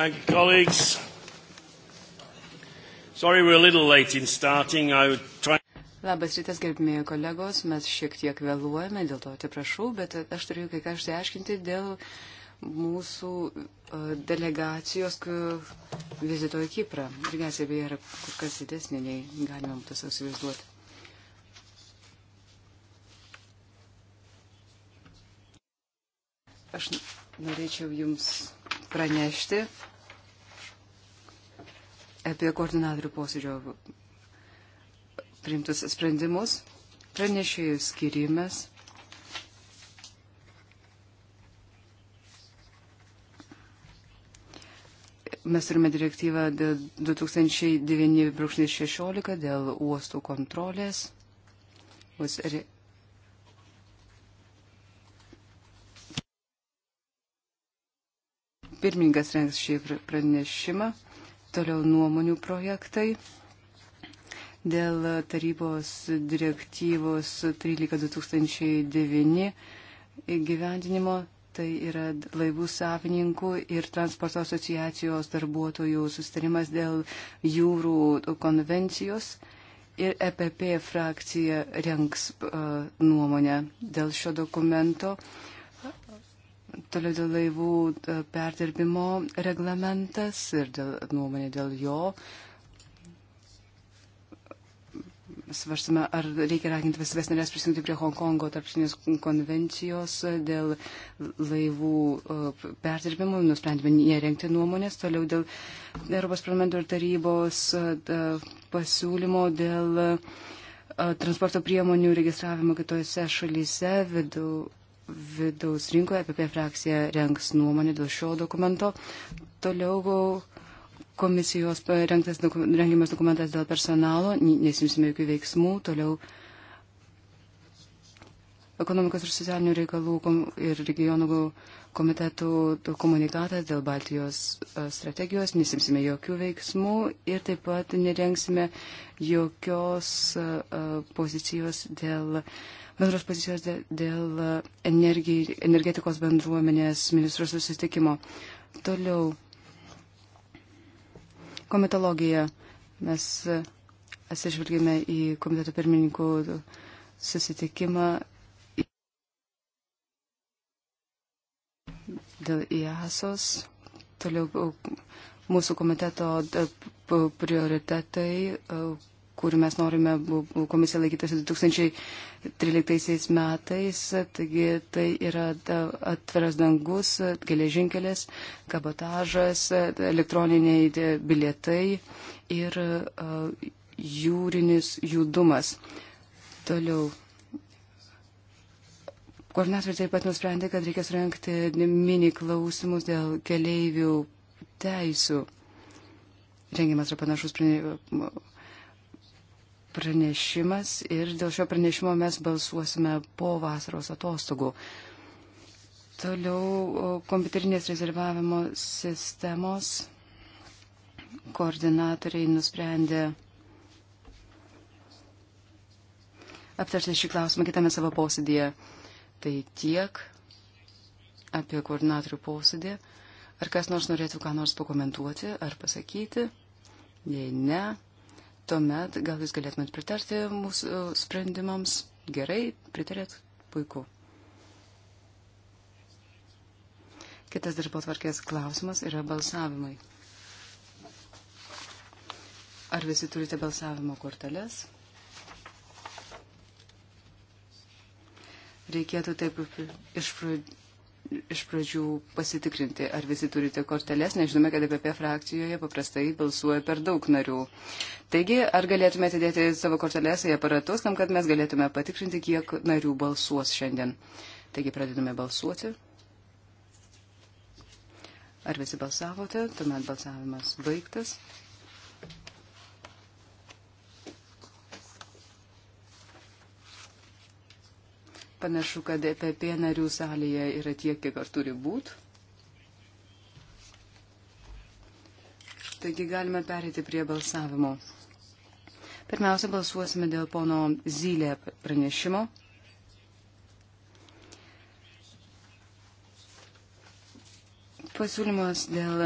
Thank you, colleagues. Sorry, we're a little late in starting. I would try... Labas rytas, gerbimieji kolegos, mes šiek tiek vėluojame, dėl to atsiprašau, bet aš turiu kai ką išsiaiškinti dėl mūsų e, delegacijos vizito į Kiprą. Delegacija beje yra kur kas didesnė, nei galima tas įsivaizduoti. Aš norėčiau jums pranešti apie koordinatorių posėdžio priimtus sprendimus, pranešėjų skirimas. Mes turime direktyvą 2009-16 dėl uostų kontrolės pirmingas rengs šį pranešimą. Toliau nuomonių projektai dėl tarybos direktyvos 13.2009 įgyvendinimo. Tai yra laivų savininkų ir transporto asociacijos darbuotojų sustarimas dėl jūrų konvencijos. Ir EPP frakcija renks uh, nuomonę dėl šio dokumento. Uh, Toliau dėl laivų e, perdirbimo reglamentas ir dėl, nuomonė dėl jo. Svarstame, ar reikia raginti visas narės prisijungti prie Hongkongo tarpšinės konvencijos dėl laivų e, perdirbimo. Nusprendėme nerengti nuomonės. Toliau dėl Europos parlamento ir tarybos e, pasiūlymo dėl transporto priemonių registravimo kitose šalyse vidų vidaus rinkoje. APP frakcija renks nuomonę dėl šio dokumento. Toliau komisijos rengtas, rengiamas dokumentas dėl personalo, nesimsime jokių veiksmų. Toliau ekonomikos ir socialinių reikalų ir regionų komitetų komunikatas dėl Baltijos e, strategijos, nesimsime jokių veiksmų ir taip pat nerengsime jokios e, pozicijos dėl uh, bendros pozicijos dėl e, energij, energetikos bendruomenės ministro susitikimo. Toliau. Komitologija. Mes e, atsižvelgime į komiteto pirmininkų susitikimą dėl IASOS. Toliau e, mūsų komiteto prioritetai kurių mes norime, komisija laikytasi 2013 metais, taigi tai yra atviras dangus, geležinkelis, kabotažas, elektroniniai bilietai ir jūrinis judumas. Toliau. Koordinatoriai taip pat nusprendė, kad reikia surenkti mini klausimus dėl keleivių teisų. Rengiamas yra panašus pranešimas ir dėl šio pranešimo mes balsuosime po vasaros atostogų. Toliau kompiuterinės rezervavimo sistemos koordinatoriai nusprendė aptarti šį klausimą kitame savo posėdėje. Tai tiek apie koordinatorių posėdį. Ar kas nors norėtų ką nors pakomentuoti ar pasakyti? Jei ne, tuomet gal jūs galėtumėt pritarti mūsų sprendimams. Gerai, pritarėt, puiku. Kitas darbo tvarkės klausimas yra balsavimai. Ar visi turite balsavimo korteles? Reikėtų taip iš pradžių iš pradžių pasitikrinti, ar visi turite korteles, nes žinome, kad EPP frakcijoje paprastai balsuoja per daug narių. Taigi, ar galėtume atidėti savo korteles į aparatus, tam, kad mes galėtume patikrinti, kiek narių balsuos šiandien. Taigi, pradedame balsuoti. Ar visi balsavote? Tuomet balsavimas baigtas. Panašu, kad EPP narių salėje yra tiek, kiek ar turi būti. Taigi galime perėti prie balsavimo. Pirmiausia, balsuosime dėl pono Zylė pranešimo. Pasiūlymas dėl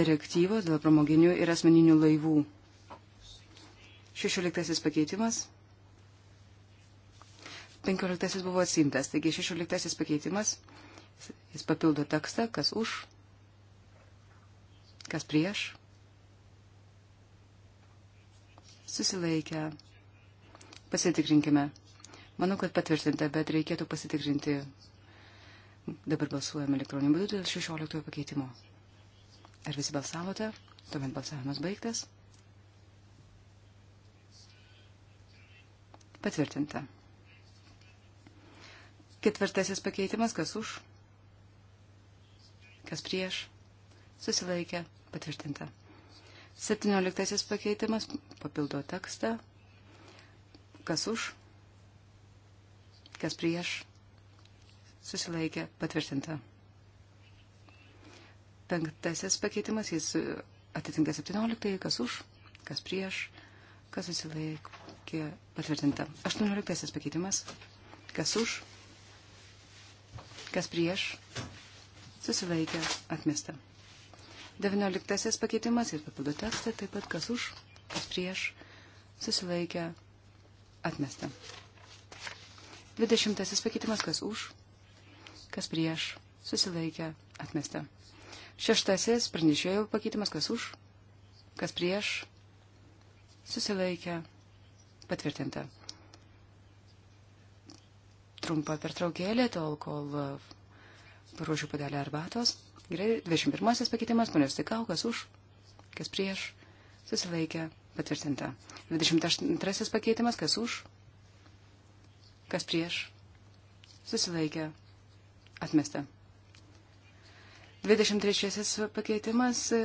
direktyvos, dėl pramoginių ir asmeninių laivų. Šešioliktasis pakeitimas. 15 buvo atsimtas, taigi 16 pakeitimas, jis papildo tekstą, kas už, kas prieš, susilaikę. Pasitikrinkime. Manau, kad patvirtinta, bet reikėtų pasitikrinti. Dabar balsuojame elektroniniu būdu dėl 16 pakeitimo. Ar visi balsavote? Tuomet balsavimas baigtas. Patvirtinta. Ketvirtasis pakeitimas, kas už, kas prieš, susilaikė, patvirtinta. Septynioliktasis pakeitimas papildo tekstą, kas už, kas prieš, susilaikė, patvirtinta. Penktasis pakeitimas, jis atitinka septynioliktąjį, kas už, kas prieš, kas susilaikė, patvirtinta. Aštuonioliktasis pakeitimas, kas už, Kas prieš? Susilaikė atmesta. 19 pakeitimas ir papildo tekstą, taip pat kas už, kas prieš, susilaikė atmesta. 20 pakeitimas kas už, kas prieš, susilaikė atmesta. Šeštasis pranešėjo pakeitimas kas už, kas prieš, susilaikė patvirtinta trumpa pertraukėlė, tol kol e, paruošiu padelę arbatos. Gerai, 21 pakeitimas, ponios tikau, kas už, kas prieš, susilaikė, patvirtinta. 22 pakeitimas, kas už, kas prieš, susilaikė, atmesta. 23 pakeitimas, e,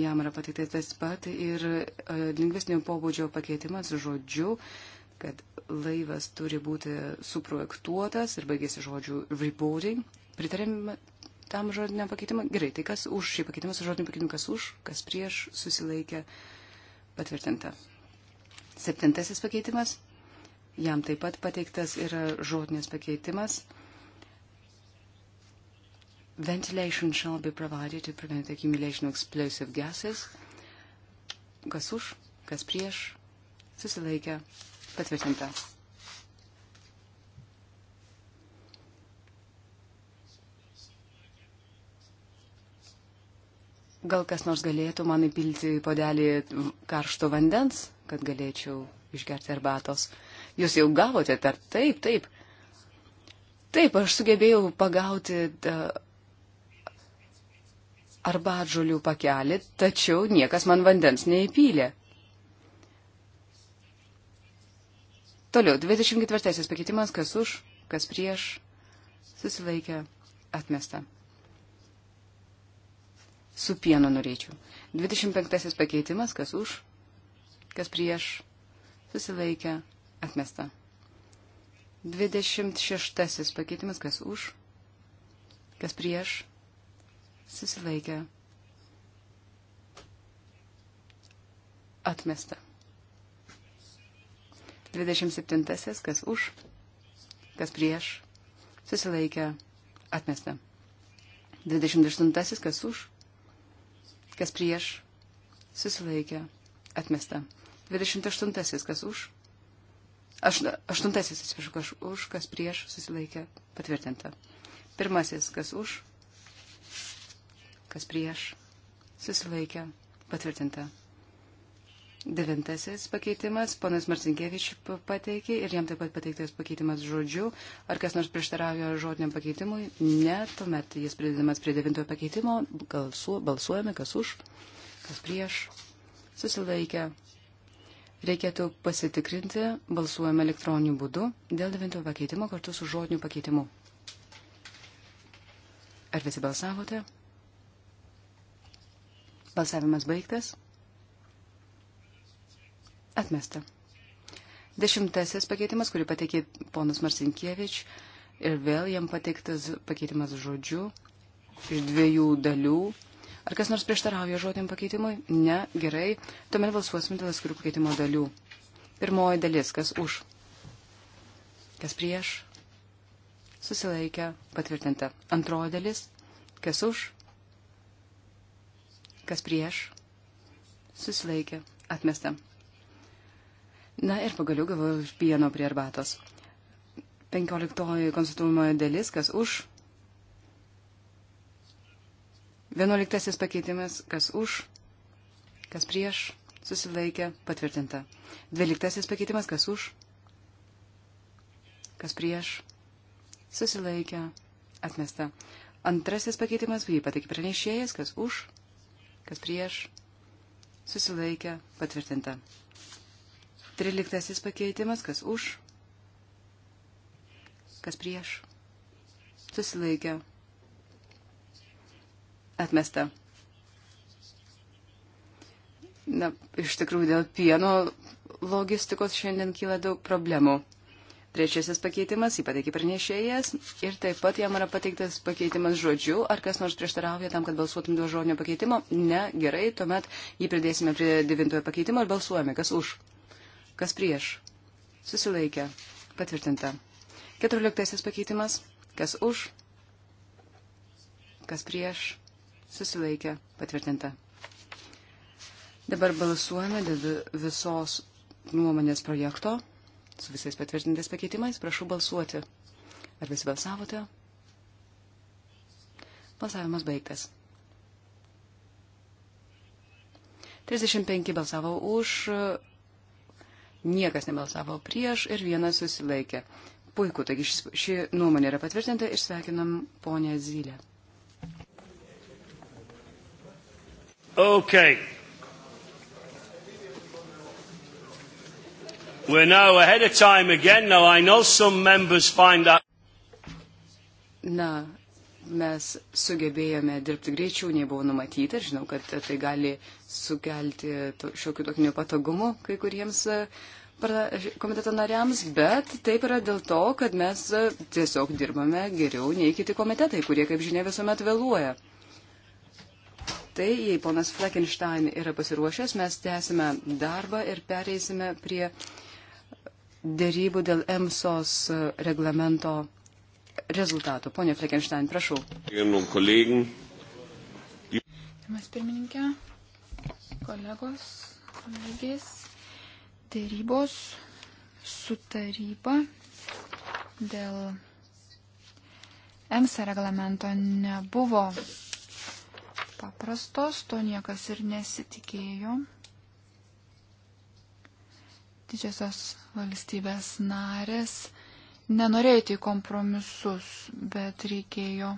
jam yra pateiktas tas pat ir e, lingvistinio pobūdžio pakeitimas žodžiu, kad laivas turi būti suprojektuotas ir baigėsi žodžiu reporting. Pritarėm tam žodiniam pakeitimui. Gerai, tai kas už šį pakeitimą su žodiniu pakeitimu, kas už, kas prieš susilaikė patvirtinta. Septintasis pakeitimas. Jam taip pat pateiktas yra žodinis pakeitimas. Ventilation shall be provided to prevent accumulation of explosive gases. Kas už, kas prieš, susilaikė Patvirtinta. Gal kas nors galėtų man įpilti į podelį karšto vandens, kad galėčiau išgerti arbatos. Jūs jau gavote per taip, taip. Taip, aš sugebėjau pagauti arbatžolių pakelį, tačiau niekas man vandens neįpylė. Toliau, 24 pakeitimas, kas už, kas prieš, susilaikė, atmesta. Su pienu norėčiau. 25 pakeitimas, kas už, kas prieš, susilaikė, atmesta. 26 pakeitimas, kas už, kas prieš, susilaikė, atmesta. 27. Kas už, kas prieš, susilaikė, atmesta. 28. Kas už, kas prieš, susilaikė, atmesta. 28. Kas už, aš, 8. Atsiprašau, kas už, kas prieš, susilaikė, patvirtinta. Pirmasis, kas už, kas prieš, susilaikė, patvirtinta. Devintasis pakeitimas, ponas Marcinkievič pateikė ir jam taip pat pateiktas pakeitimas žodžiu. Ar kas nors prieštarauja žodiniam pakeitimui? Ne, tuomet jis pridedamas prie devintojo pakeitimo. Galsu, balsuojame, kas už, kas prieš. Susilaikę. Reikėtų pasitikrinti, balsuojame elektroniniu būdu dėl devintojo pakeitimo kartu su žodiniu pakeitimu. Ar visi balsavote? Balsavimas baigtas. Atmesta. Dešimtasis pakeitimas, kurį pateikė ponas Marsinkievič ir vėl jam pateiktas pakeitimas žodžiu iš dviejų dalių. Ar kas nors prieštarauja žodiniam pakeitimui? Ne, gerai. Tuomet balsuosime dėl atskirų pakeitimo dalių. Pirmoji dalis, kas už, kas prieš, susilaikę, patvirtinta. Antroji dalis, kas už, kas prieš, susilaikė, atmesta. Na ir pagaliau gavau pieno prie arbatos. Penkioliktoji konstituojamoji dalis, kas už. Vienuoliktasis pakeitimas, kas už, kas prieš, susilaikė, patvirtinta. Dvyliktasis pakeitimas, kas už, kas prieš, susilaikė, atmesta. Antrasis pakeitimas, jį patikė pranešėjas, kas už, kas prieš, susilaikė, patvirtinta. Tryliktasis pakeitimas, kas už, kas prieš, susilaikė, atmesta. Na, iš tikrųjų, dėl pieno logistikos šiandien kyla daug problemų. Trečiasis pakeitimas, jį pateikė pranešėjas ir taip pat jam yra pateiktas pakeitimas žodžiu. Ar kas nors prieštarauja tam, kad balsuotum dėl žodinio pakeitimo? Ne, gerai, tuomet jį pridėsime prie devintojo pakeitimo ir balsuojame, kas už. Kas prieš? Susilaikė. Patvirtinta. Keturioliktasis pakeitimas. Kas už? Kas prieš? Susilaikė. Patvirtinta. Dabar balsuojame dėl visos nuomonės projekto su visais patvirtintais pakeitimais. Prašau balsuoti. Ar visi balsavote? Balsavimas baigtas. 35 balsavo už, niekas nebalsavo prieš ir vienas susilaikė. Puiku, taigi ši, ši nuomonė yra patvirtinta ir sveikinam ponę Zylę. Okay. We're now ahead of time again. Now I know some members find that. Na, mes sugebėjome dirbti greičiau, nei buvo numatyta. Ir žinau, kad tai gali sukelti to, šiokių tokių nepatogumų kai kuriems e, komiteto nariams, bet taip yra dėl to, kad mes e, tiesiog dirbame geriau nei kiti komitetai, kurie, kaip žinia, visuomet vėluoja. Tai, jei ponas Fleckenstein yra pasiruošęs, mes tęsime darbą ir pereisime prie dėrybų dėl EMSOS e, reglamento rezultatų. Pone Fleckenstein, prašau. Mes pirmininkė, kolegos, kolegės, dėrybos su taryba dėl EMSA reglamento nebuvo paprastos, to niekas ir nesitikėjo. Didžiosios valstybės narės nenorėjote į kompromisus, bet reikėjo.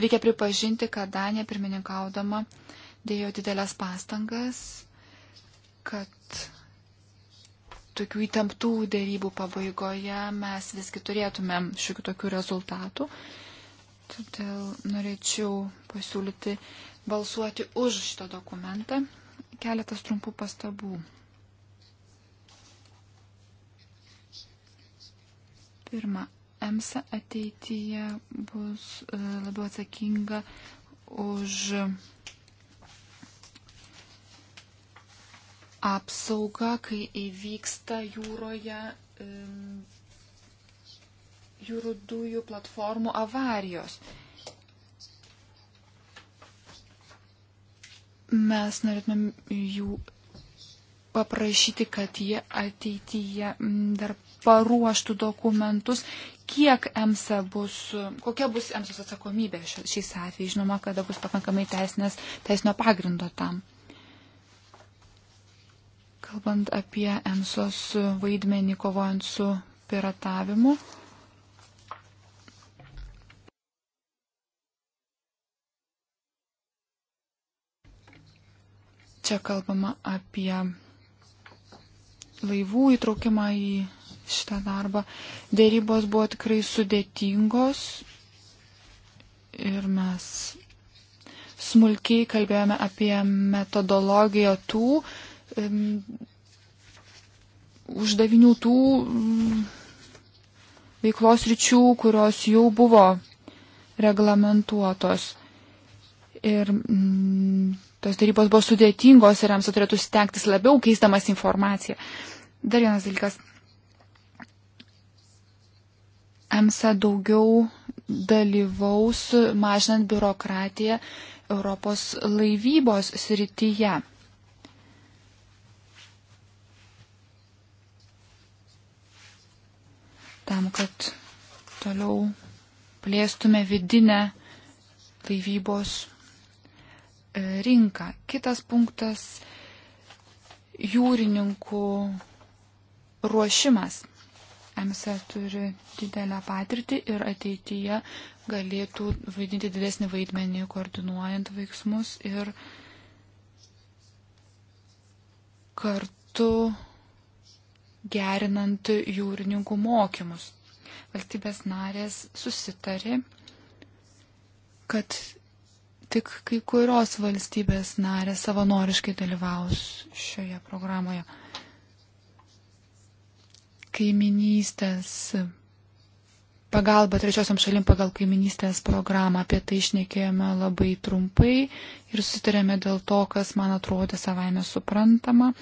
Reikia pripažinti, kad Danija pirmininkaudama dėjo didelės pastangas, kad tokių įtemptų dėrybų pabaigoje mes visgi turėtumėm šiokių tokių rezultatų. Todėl norėčiau pasiūlyti balsuoti už šitą dokumentą. Keletas trumpų pastabų. Pirma, EMSA ateityje bus e, labiau atsakinga už apsaugą, kai įvyksta jūroje e, jūrų dujų platformų avarijos. Mes norėtume jų paprašyti, kad jie ateityje dar paruoštų dokumentus, kiek EMSA bus, kokia bus EMSA atsakomybė šiais atvejais, žinoma, kada bus pakankamai teisinės, teisinio pagrindo tam. Kalbant apie EMSOS vaidmenį kovojant su piratavimu. Čia kalbama apie laivų įtraukimą į šitą darbą. Dėrybos buvo tikrai sudėtingos ir mes smulkiai kalbėjome apie metodologiją tų um, uždavinių, tų um, veiklos ryčių, kurios jau buvo reglamentuotos. Ir mm, tos darybos buvo sudėtingos ir jiems turėtų stengtis labiau keistamas informaciją. Dar vienas dalykas EMSA daugiau dalyvaus mažinant biurokratiją Europos laivybos srityje. Tam, kad toliau plėstume vidinę laivybos e, rinką. Kitas punktas - jūrininkų ruošimas. EMSA turi didelę patirtį ir ateityje galėtų vaidinti didesnį vaidmenį koordinuojant veiksmus ir kartu gerinant jūrininkų mokymus. Valstybės narės susitarė, kad tik kai kurios valstybės narės savanoriškai dalyvaus šioje programoje kaiminystės pagalba trečiosiam šalim pagal kaiminystės programą. Apie tai išnekėjome labai trumpai ir sutarėme dėl to, kas man atrodė savaime suprantama.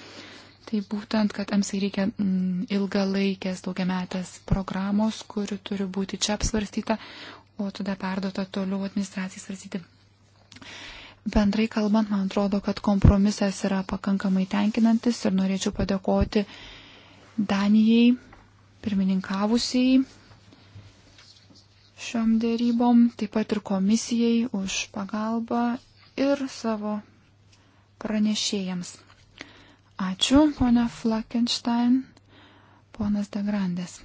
Tai būtent, kad MSI reikia mm, ilgalaikės daugiametės programos, kuri turi būti čia apsvarstyta, o tada perdota toliau administracijai svarstyti. Bendrai kalbant, man atrodo, kad kompromisas yra pakankamai tenkinantis ir norėčiau padėkoti Danijai, pirmininkavusiai šiom dėrybom, taip pat ir komisijai už pagalbą ir savo pranešėjams. Ačiū, ponia Flakenstein, ponas Degrandės.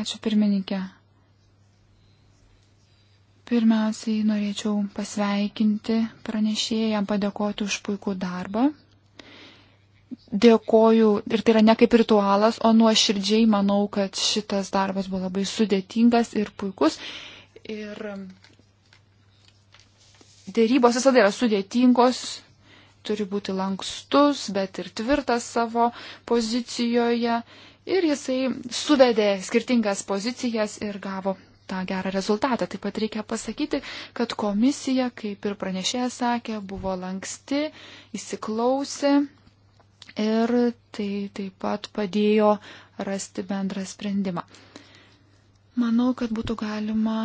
Ačiū pirmininkė. Pirmiausiai norėčiau pasveikinti pranešėją, padėkoti už puikų darbą dėkoju ir tai yra ne kaip ritualas, o nuoširdžiai manau, kad šitas darbas buvo labai sudėtingas ir puikus. Ir um, dėrybos visada yra sudėtingos, turi būti lankstus, bet ir tvirtas savo pozicijoje. Ir jisai suvedė skirtingas pozicijas ir gavo tą gerą rezultatą. Taip pat reikia pasakyti, kad komisija, kaip ir pranešėja sakė, buvo lanksti, įsiklausė ir tai taip pat padėjo rasti bendrą sprendimą. Manau, kad būtų galima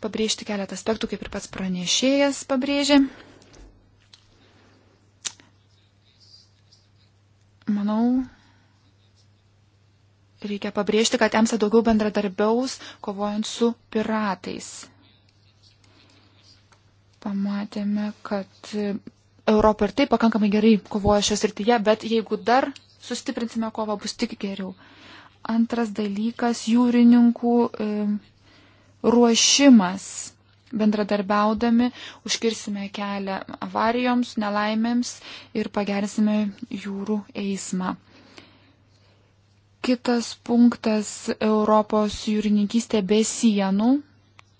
pabrėžti keletą aspektų, kaip ir pats pranešėjas pabrėžė. Manau, reikia pabrėžti, kad EMSA daugiau bendradarbiaus, kovojant su piratais. Pamatėme, kad Europa ir taip pakankamai gerai kovoja šios rytyje, bet jeigu dar sustiprinsime kovą, bus tik geriau. Antras dalykas - jūrininkų e, ruošimas. Bendradarbiaudami užkirsime kelią avarijoms, nelaimėms ir pagerinsime jūrų eismą. Kitas punktas - Europos jūrininkystė be sienų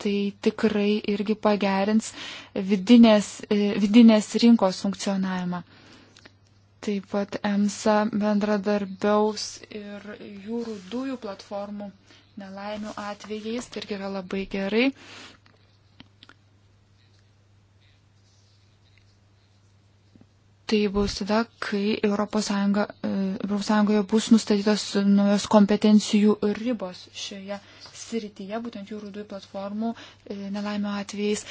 tai tikrai irgi pagerins vidinės, e, vidinės rinkos funkcionavimą. Taip pat EMSA bendradarbiaus ir jūrų dujų platformų nelaimių atvejais, tai irgi yra labai gerai. tai bus tada, kai ES, ES bus nustatytos naujos kompetencijų ribos šioje srityje, būtent jūrų dujų platformų e, nelaimio atvejais.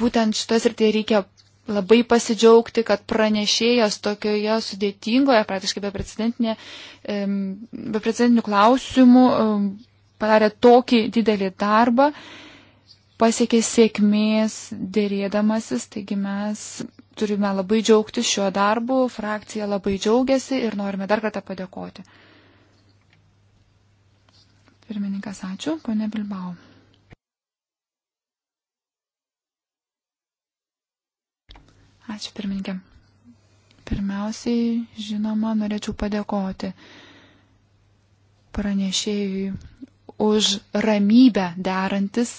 Būtent šitoje srityje reikia labai pasidžiaugti, kad pranešėjas tokioje sudėtingoje, praktiškai e, beprecedentinių klausimų e, padarė tokį didelį darbą, pasiekė sėkmės dėrėdamasis, taigi mes turime labai džiaugti šiuo darbu, frakcija labai džiaugiasi ir norime dar kartą padėkoti. Pirmininkas, ačiū, ponė Bilbao. Ačiū, pirmininkė. Pirmiausiai, žinoma, norėčiau padėkoti pranešėjui už ramybę derantis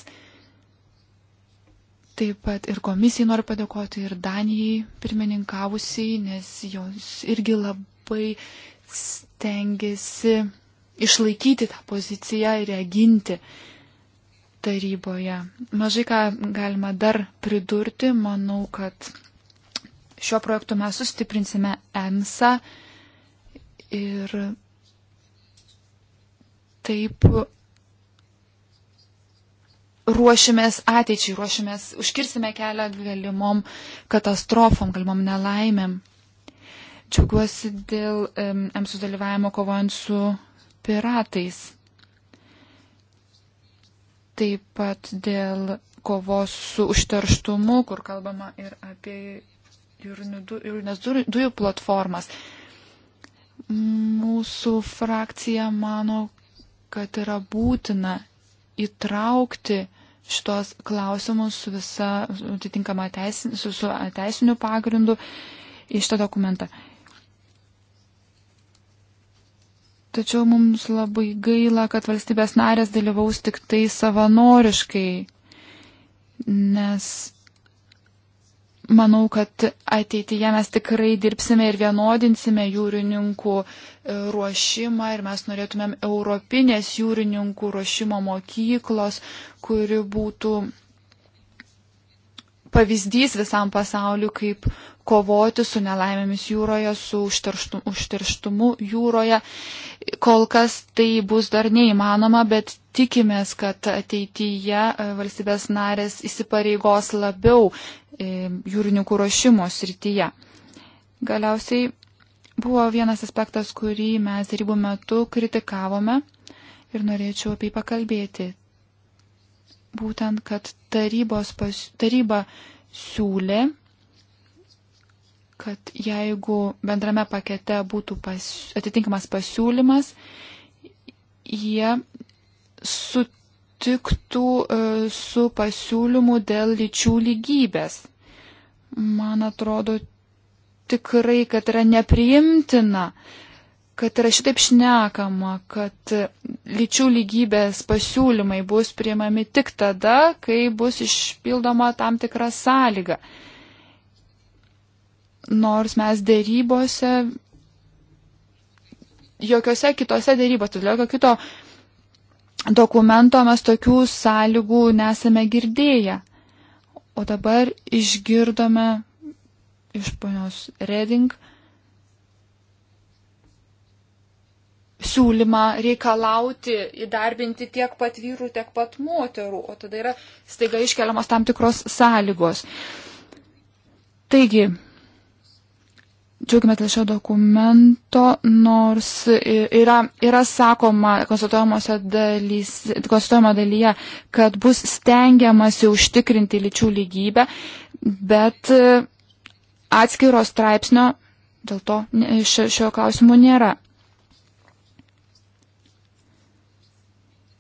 Taip pat ir komisijai noriu padėkoti ir Danijai pirmininkavusiai, nes jos irgi labai stengiasi išlaikyti tą poziciją ir ją ginti taryboje. Mažai ką galima dar pridurti, manau, kad šiuo projektu mes sustiprinsime EMSA ir taip ruošimės ateičiai, ruošimės, užkirsime kelią galimom katastrofom, galimom nelaimėm. Džiaugiuosi dėl um, EMSU dalyvavimo kovojant su piratais. Taip pat dėl kovos su užterštumu, kur kalbama ir apie jūrinės dujų platformas. Mūsų frakcija mano, kad yra būtina įtraukti šitos klausimus su visa atitinkama teisin, su, su teisiniu pagrindu į šitą dokumentą. Tačiau mums labai gaila, kad valstybės narės dalyvaus tik tai savanoriškai, nes manau, kad ateityje mes tikrai dirbsime ir vienodinsime jūrininkų e, ruošimą ir mes norėtumėm Europinės jūrininkų ruošimo mokyklos, kuri būtų pavyzdys visam pasauliu, kaip kovoti su nelaimėmis jūroje, su užterštu, užterštumu jūroje. Kol kas tai bus dar neįmanoma, bet tikimės, kad ateityje e, valstybės narės įsipareigos labiau e, jūrininkų ruošimo srityje. Galiausiai buvo vienas aspektas, kurį mes rybų metu kritikavome ir norėčiau apie jį pakalbėti būtent, kad tarybos pas, taryba siūlė, kad jeigu bendrame pakete būtų pas, atitinkamas pasiūlymas, jie sutiktų e, su pasiūlymu dėl lyčių lygybės. Man atrodo tikrai, kad yra nepriimtina, kad yra šitaip šnekama, kad lyčių lygybės pasiūlymai bus priimami tik tada, kai bus išpildoma tam tikra sąlyga. Nors mes dėrybose, jokiose kitose dėrybose, todėl jokio kito dokumento mes tokių sąlygų nesame girdėję. O dabar išgirdome iš ponios Reding, siūlymą reikalauti įdarbinti tiek pat vyrų, tiek pat moterų, o tada yra staiga iškeliamos tam tikros sąlygos. Taigi, džiaugiamės dėl šio dokumento, nors yra, yra sakoma konstatuojama dalyje, kad bus stengiamasi užtikrinti lyčių lygybę, bet e, atskiro straipsnio dėl to šio, šio klausimų nėra.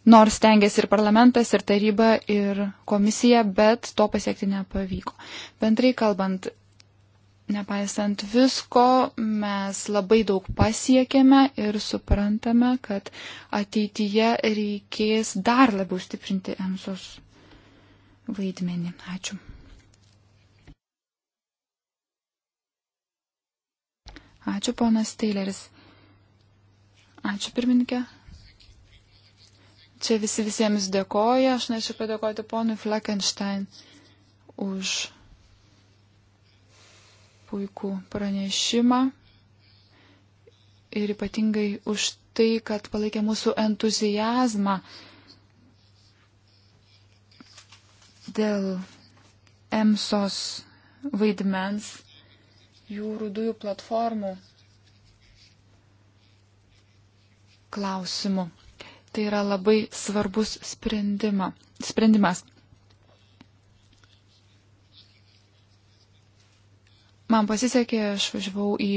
nors tengiasi ir parlamentas, ir taryba, ir komisija, bet to pasiekti nepavyko. Bendrai kalbant, nepaisant visko, mes labai daug pasiekėme ir suprantame, kad ateityje reikės dar labiau stiprinti EMSOS vaidmenį. Ačiū. Ačiū, ponas Teileris. Ačiū, pirmininkė. Čia visi visiems dėkoja. Aš norėčiau padėkoti ponui Fleckenstein už puikų pranešimą ir ypatingai už tai, kad palaikė mūsų entuzijazmą dėl EMSOS vaidmens jūrų dujų platformų klausimų. Tai yra labai svarbus sprendima, sprendimas. Man pasisekė, aš važiavau į,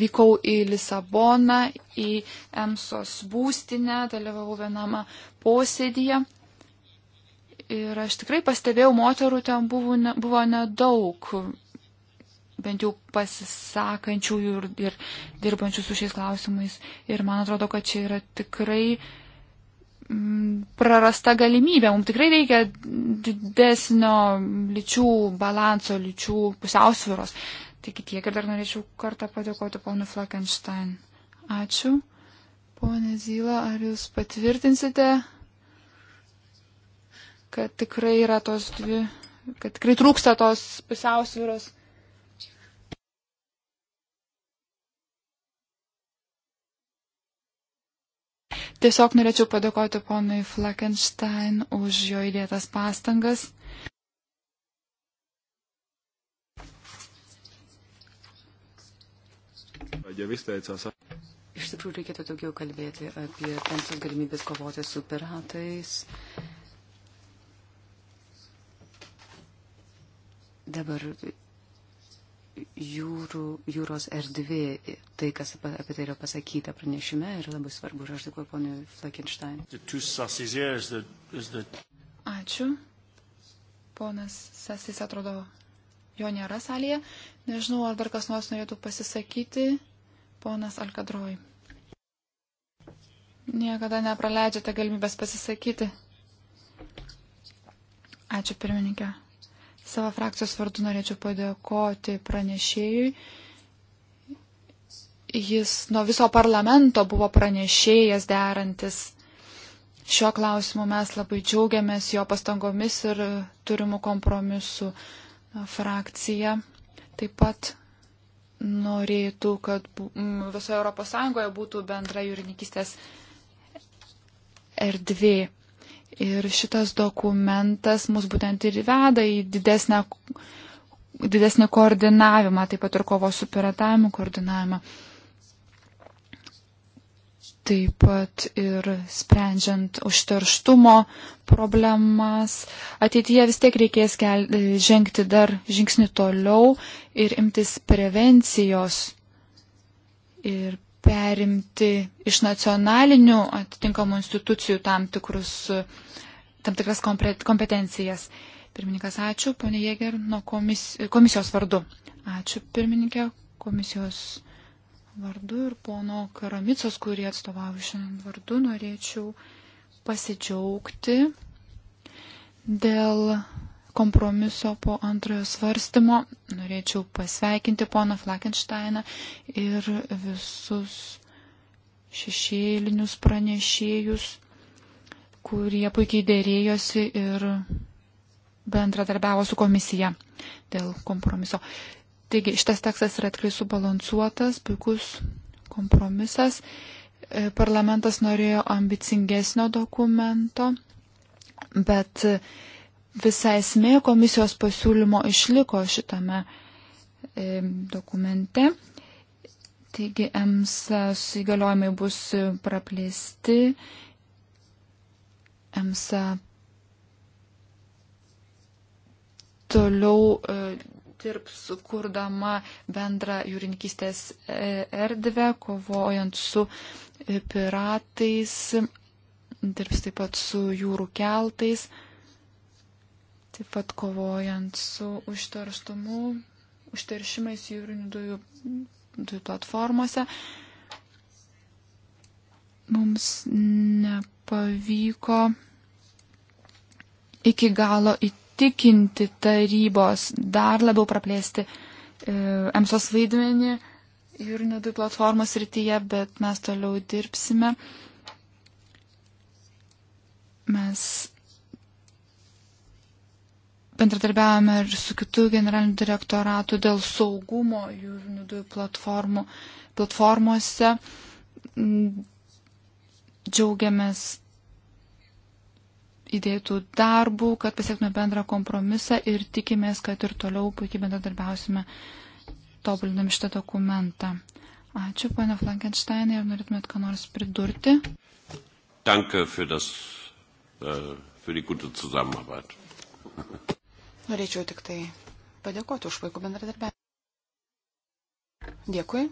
vykau į Lisaboną, į Emsos būstinę, dalyvavau viename posėdyje. Ir aš tikrai pastebėjau, moterų ten buvo, ne, buvo nedaug bent jau pasisakančiųjų ir, ir dirbančių su šiais klausimais. Ir man atrodo, kad čia yra tikrai mm, prarasta galimybė. Mums tikrai reikia didesnio lyčių balanso, lyčių pusiausviros. Taigi tiek ir dar norėčiau kartą padėkoti ponui Flakenstein. Ačiū. Pone Zyla, ar jūs patvirtinsite, kad tikrai yra tos dvi, kad tikrai trūksta tos pusiausviros? Tiesiog norėčiau padėkoti ponui Flakenstein už jo įdėtas pastangas. Iš tikrųjų, reikėtų daugiau kalbėti apie tamsios galimybės kovoti su piratais. Dabar jūrų, jūros erdvė, tai, kas apie tai yra pasakyta pranešime, yra labai svarbu. Ir aš dėkuoju ponui Fleckenstein. Ačiū. Ponas Sasis atrodo, jo nėra salėje. Nežinau, ar dar kas nors norėtų pasisakyti. Ponas Alkadroj. Niekada nepraleidžiate galimybės pasisakyti. Ačiū pirmininkė. Savo frakcijos vardu norėčiau padėkoti pranešėjui. Jis nuo viso parlamento buvo pranešėjas derantis. Šiuo klausimu mes labai džiaugiamės jo pastangomis ir turimų kompromisų frakcija. Taip pat norėtų, kad visoje ES būtų bendra jūrininkistės erdvė. Ir šitas dokumentas mus būtent ir veda į didesnę, didesnį koordinavimą, taip pat ir kovos su piratavimu koordinavimą. Taip pat ir sprendžiant užterštumo problemas. Ateityje vis tiek reikės kel, žengti dar žingsnį toliau ir imtis prevencijos ir perimti iš nacionalinių atitinkamų institucijų tam, tikrus, tam tikras kompetencijas. Pirmininkas, ačiū. Pone Jėger, nuo komis, komisijos vardu. Ačiū, pirmininkė, komisijos vardu ir pono Karamicos, kurį atstovauju šiandien vardu, norėčiau pasidžiaugti dėl kompromiso po antrojo svarstymo. Norėčiau pasveikinti poną Flakensteiną ir visus šešėlinius pranešėjus, kurie puikiai dėrėjosi ir bendradarbiavo su komisija dėl kompromiso. Taigi šitas tekstas yra tikrai subalansuotas, puikus kompromisas. E, parlamentas norėjo ambicingesnio dokumento, bet visa esmė komisijos pasiūlymo išliko šitame e, dokumente. Taigi EMSA įgaliojimai bus praplėsti. EMSA toliau e, dirbs kurdama bendrą jūrininkystės e, erdvę, kovojant su e, piratais, dirbs taip pat su jūrų keltais taip pat kovojant su užterštumu, užteršimais jūrinių dujų, dujų platformose. Mums nepavyko iki galo įtikinti tarybos dar labiau praplėsti e, EMSOS vaidmenį jūrinių dujų platformos rytyje, bet mes toliau dirbsime. Mes bendradarbiavame ir su kitu generaliniu direktoratu dėl saugumo jūrinių dujų platformų, platformose. Mm, džiaugiamės įdėtų darbų, kad pasiektume bendrą kompromisą ir tikimės, kad ir toliau puikiai bendradarbiausime tobulinam šitą dokumentą. Ačiū, ponia Flankensteinai, ar norėtumėt ką nors pridurti? Danke für das, äh, für die gute Zusammenarbeit. Norėčiau tik tai padėkoti už vaikų bendradarbiavimą. Dėkui.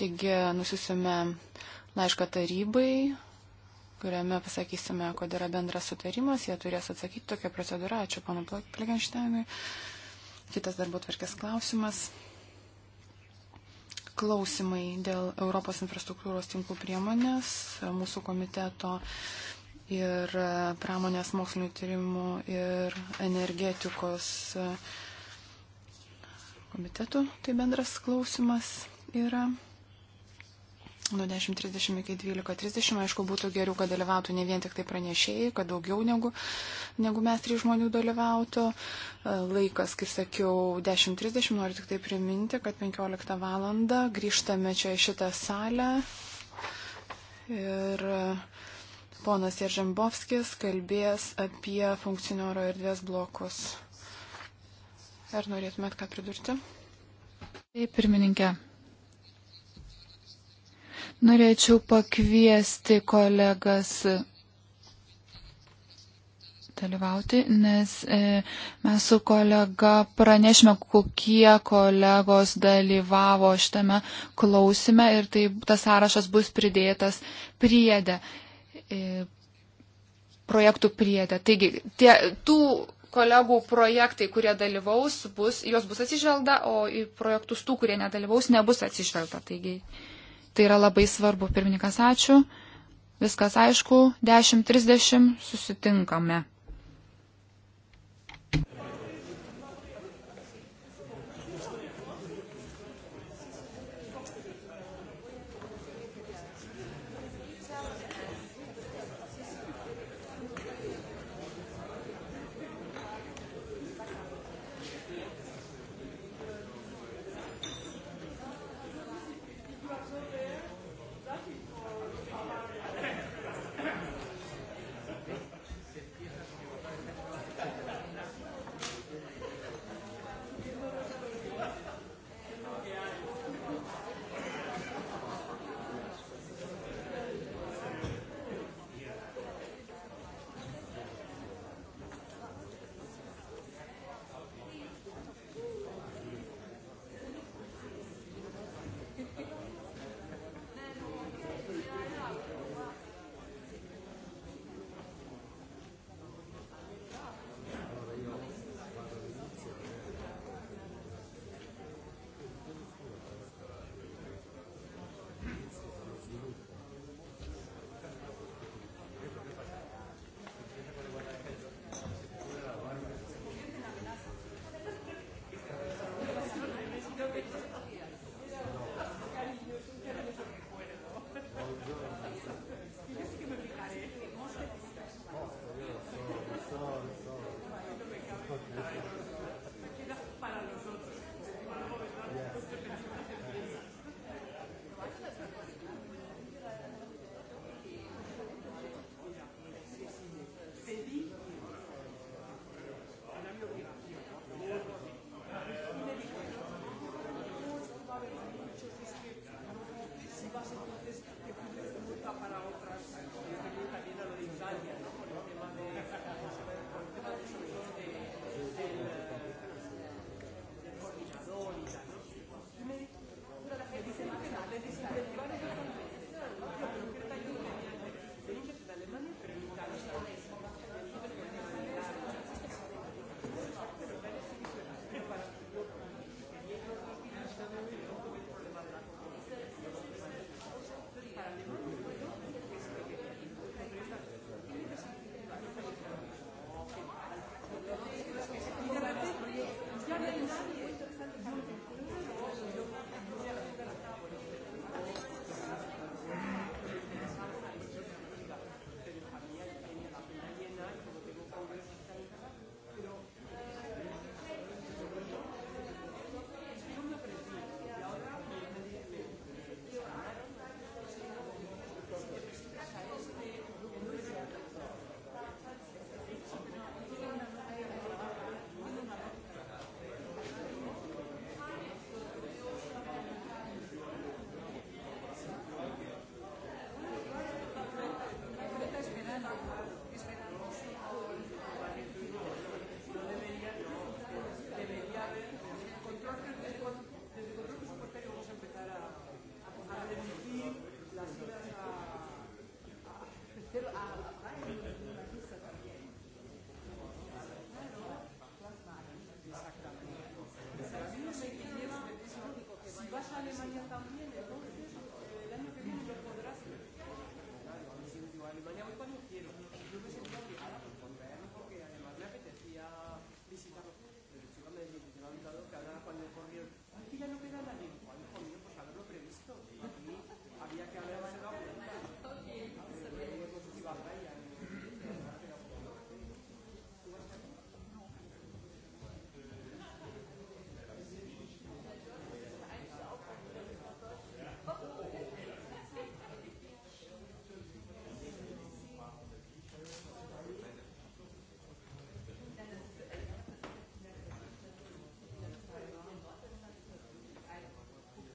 Taigi nusisime laišką tarybai, kuriame pasakysime, kod yra bendras sutarimas, jie turės atsakyti tokią procedūrą. Ačiū panu Plegenšteinui. Kitas darbo tvarkės klausimas klausimai dėl Europos infrastruktūros tinklų priemonės, mūsų komiteto ir pramonės mokslinių tyrimų ir energetikos komitetų. Tai bendras klausimas yra. Nuo 10.30 iki 12.30, aišku, būtų geriau, kad dalyvautų ne vien tik tai pranešėjai, kad daugiau negu, negu mes trys žmonių dalyvautų. E, laikas, kaip sakiau, 10.30, noriu tik tai priminti, kad 15 val. grįžtame čia į šitą salę. Ir e, ponas Jeržembovskis kalbės apie funkcinio oro erdvės blokus. Ar norėtumėt ką pridurti? Taip, pirmininkė. Norėčiau pakviesti kolegas dalyvauti, nes e, mes su kolega pranešime, kokie kolegos dalyvavo šitame klausime ir tai tas sąrašas bus pridėtas priedę, e, projektų priedę. Taigi, tie, tų kolegų projektai, kurie dalyvaus, bus, jos bus atsižvelgta, o į projektus tų, kurie nedalyvaus, nebus atsižvelgta. Taigi Tai yra labai svarbu. Pirmininkas, ačiū. Viskas aišku. 10.30 susitinkame.